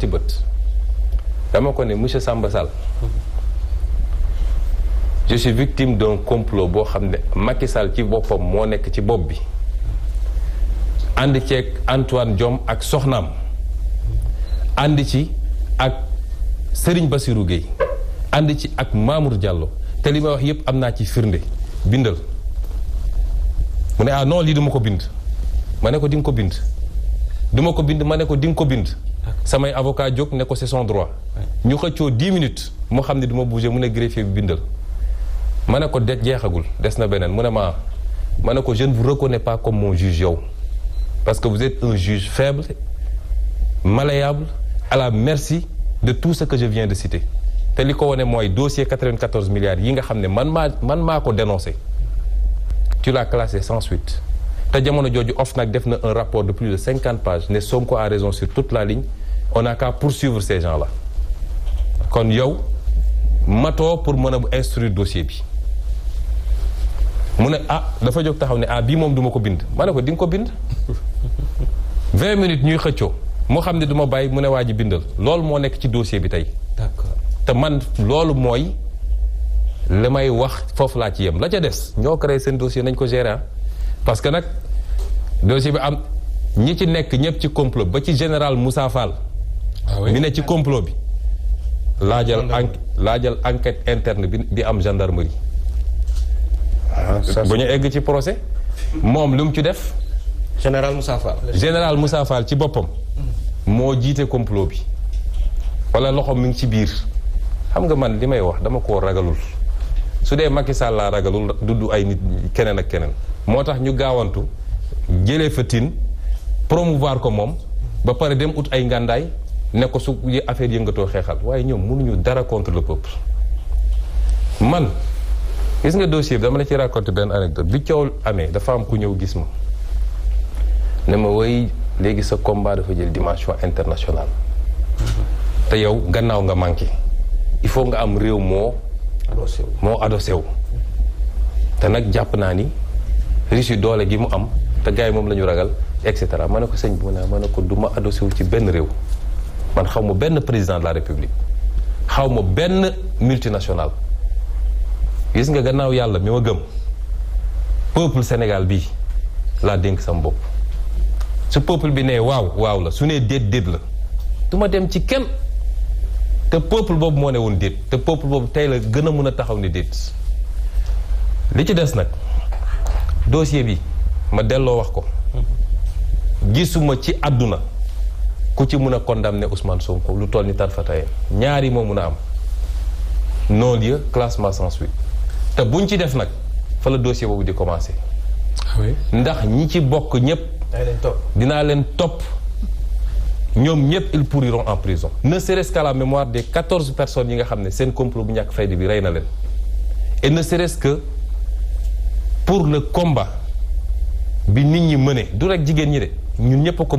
ci bët dama ko ne monsieur Samba Sall je suis victime complot boo xam ne Macky Sall ci boppam moo nekk ci bopp bi ànd ceeg Antoine Diome ak soxnaam ànd ci ak Serigne Bassirou Gueye ànd ci ak Mamour Diallo te li may wax yépp am naa ci firnde bindal mu ne ah non lii duma ko bind ma ne ko di nga ko bind duma ko bind ma ne ko di nga ko bind samay avocat jóg ne ko c'est son droit ñu xëccoo 10 minutes moo xam ne du bouger mu ne greffier bi bindal ma ne ko de jeexagul des na beneen mu ne ma ma ne ko je ne vous reconnais pas comme mon juge yow parce que vous êtes un juge faible malléable à la merci de tout ce que je viens de citer te li ko wane mooy dossier 94 milliards yi nga xam ne man maa man maa ko dénoncé tu l'as classé sans suite te jamono jooju OFNAC def na un rapport de plus de 50 pages ne Sonko a raison sur toute la ligne on n'a qu'à poursuivre ces gens-là kon yow mato pour mën a instruire dossier bi mu ne ah dafa jóg taxaw ne ah bii moom duma ko bind ma ne ko di nga ko bind vingt minutes ñuy xëccoo moo xam ne du bàyyi mu ne waa ji bindal loolu moo nekk ci dossier bi tey d'accord te man loolu mooy li may wax foofu laa ci yem la ca des ñoo créé seen dossier nañ ko gérer ah. parce que nag dossier bi am ñi ci nekk ñëpp ci complot ba ci général Moussa Fall mi ah ne ci complot bi laajal laajal enquête interne bi di am gendarmerie ah, bu ñu egg ci procès moom lu mu ci def général Moussa Fall général Moussa Fall ci boppam moo jiite complot bi wala loxo mu ngi ci biir xam nga man li may wax dama koo ragalul su dee Macky Sall laa ragalul dudd ay nit keneen ak keneen moo tax ñu gaawantu jëlee fa Tine promouvoir ko moom ba pare dem ut ay ngàndaay ne ko su affaire yëngatoo xeexal waaye ñoom mënuñu dara contre le peuple man gis nga dossier bi dama la ci raconté benn anecdote bi coow amee dafa am ku ñëw gis ma ne ma woy léegi sa combat dafa jël dimension internationale te yow gannaaw nga manqué il faut nga am réew moo moo adossé wu te nag jàpp naa ni riche doole gi mu am te gars yi moom la ñu ragal et cetera ma ne ko sëñ bi ma ne ma ne ko du ma adossé wu ci benn réew man xaw ma benn président de la république xaw ma benn multinational gis nga gannaaw yàlla mi ma gëm peuple Sénégal bi laa dénk sama bopp su peuple bi ne waaw waaw la su nee déet déet la du ma dem ci kenn te peuple boobu moo ne woon déet te peuple boobu tey la gën a mën a taxaw ni déet li ci des nag dossier bi ma delloo wax ko gisuma ci àdduna ku ci condamné a condamner Ousmane Sonko lu toll ni tarfata yéen ñaar yi moo mun a am non-lieu classement sans suite te buñ ci def nag fa la dossier boobu di commencer. Ah ndax ñi ci bokk ñëpp. dinaa leen topp ñoom ñëpp ils pourriront en prison. ne serait-ce qu'à la mémoire des 14 personnes yi nga xam ne seen complot bu ñàkk fayda bi rey na et ne serait-ce que pour le combat bi nit ñi mëne du rek jigéen ñi de ñun ñëpp ko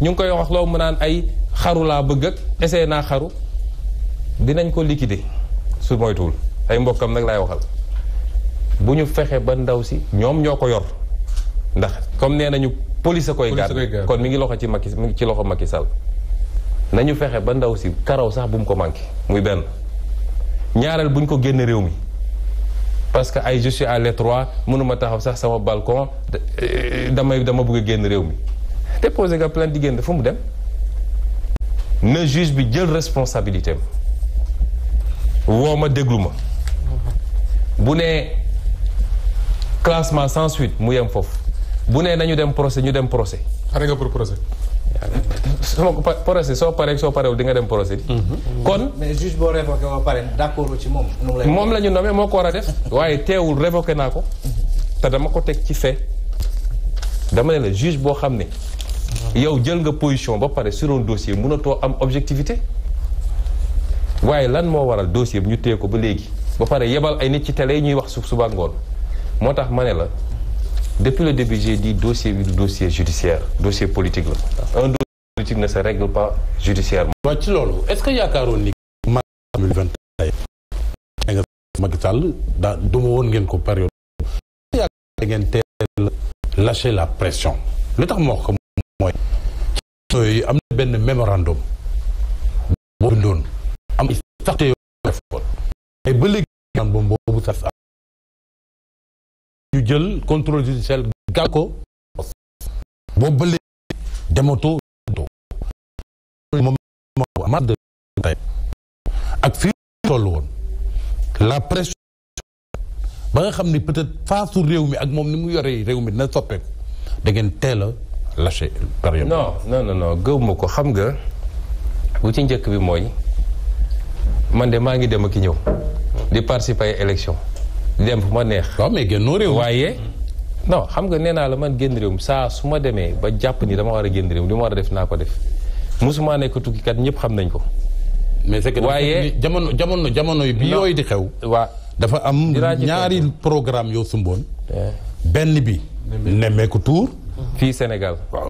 ñu ngi koy wax loo mu naan ay xaru laa bëgg ak essayé naa xaru dinañ ko liquider su moytuwul ay mbokkam nag laay waxal bu ñu fexe ba ndaw si ñoom ñoo ko yor ndax comme nee nañu police a koy gaar kon mi ngi loxo ci Macky mi ngi ci loxo Macky Sall nañu fexe ba ndaw si karaw sax bu mu ko manqué muy benn ñaareel buñ ko génn réew mi parce que ay je suis à l'étroit mënuma taxaw sax sama balcon euh, damay dama bëgg génn réew mi plein nga plainte jigéen mu dem juge bi jël responsabilité am classement sans suite vous avez bu ne nañu dem procès ñu dem procès. Avez-vous nga procès. procès procès. Mhm. kon mais juge boo révoqué d'accord ci moom. moom la def. révoqué mhm. dama ko ci fait dama ne juge yow jël nga position ba pare sur un dossier mënatoo am objectivité waaye lan moo waral dossier bi ñu téye ko ba léegi ba pare yebal ay nit ci télé ñuy wax suuf suba ngoon moo tax ma ne la depuis le début j'ai dit dossier bi du dossier judiciaire dossier politique la un dossier politique ne se règle pas judiciairement. waaw ci loolu est-ce que yaakaaroon ni mars 2021 nga Macky Sall daa duma woon ngeen ko période yaakaar ngeen teel lâcher la pression lu tax moo ko mooy yooyu am na benn mémorandum boo bindoon am saxte jël contrôle judiciaire gàll ko boobu ba léegi dematoo ak fii toll woon la presse ba nga xam ni peut-être faasu réew mi ak moom ni mu yoree réew mi dina soppeeku da ngeen lâché période non non non non gëw ma ko xam nga bu ci njëkk bi mooy man de maa ngi dem ak ki ñëw di participer ay élection di dem fu ma neex waaw mais génnoo réew waaye non xam nga nee naa la man génn réew mi saa su ma demee ba jàpp ni dama war a génn réew mi li ma war a def naa ko def mosuma nekk tukkikat ñëpp xam nañ ko mais c'est que waaye jamono jamono jamono bi yooyu di xew waa dafa am ñaari programme yoo sumboon eh. benn bi nemmeeku tuur fii Sénégal.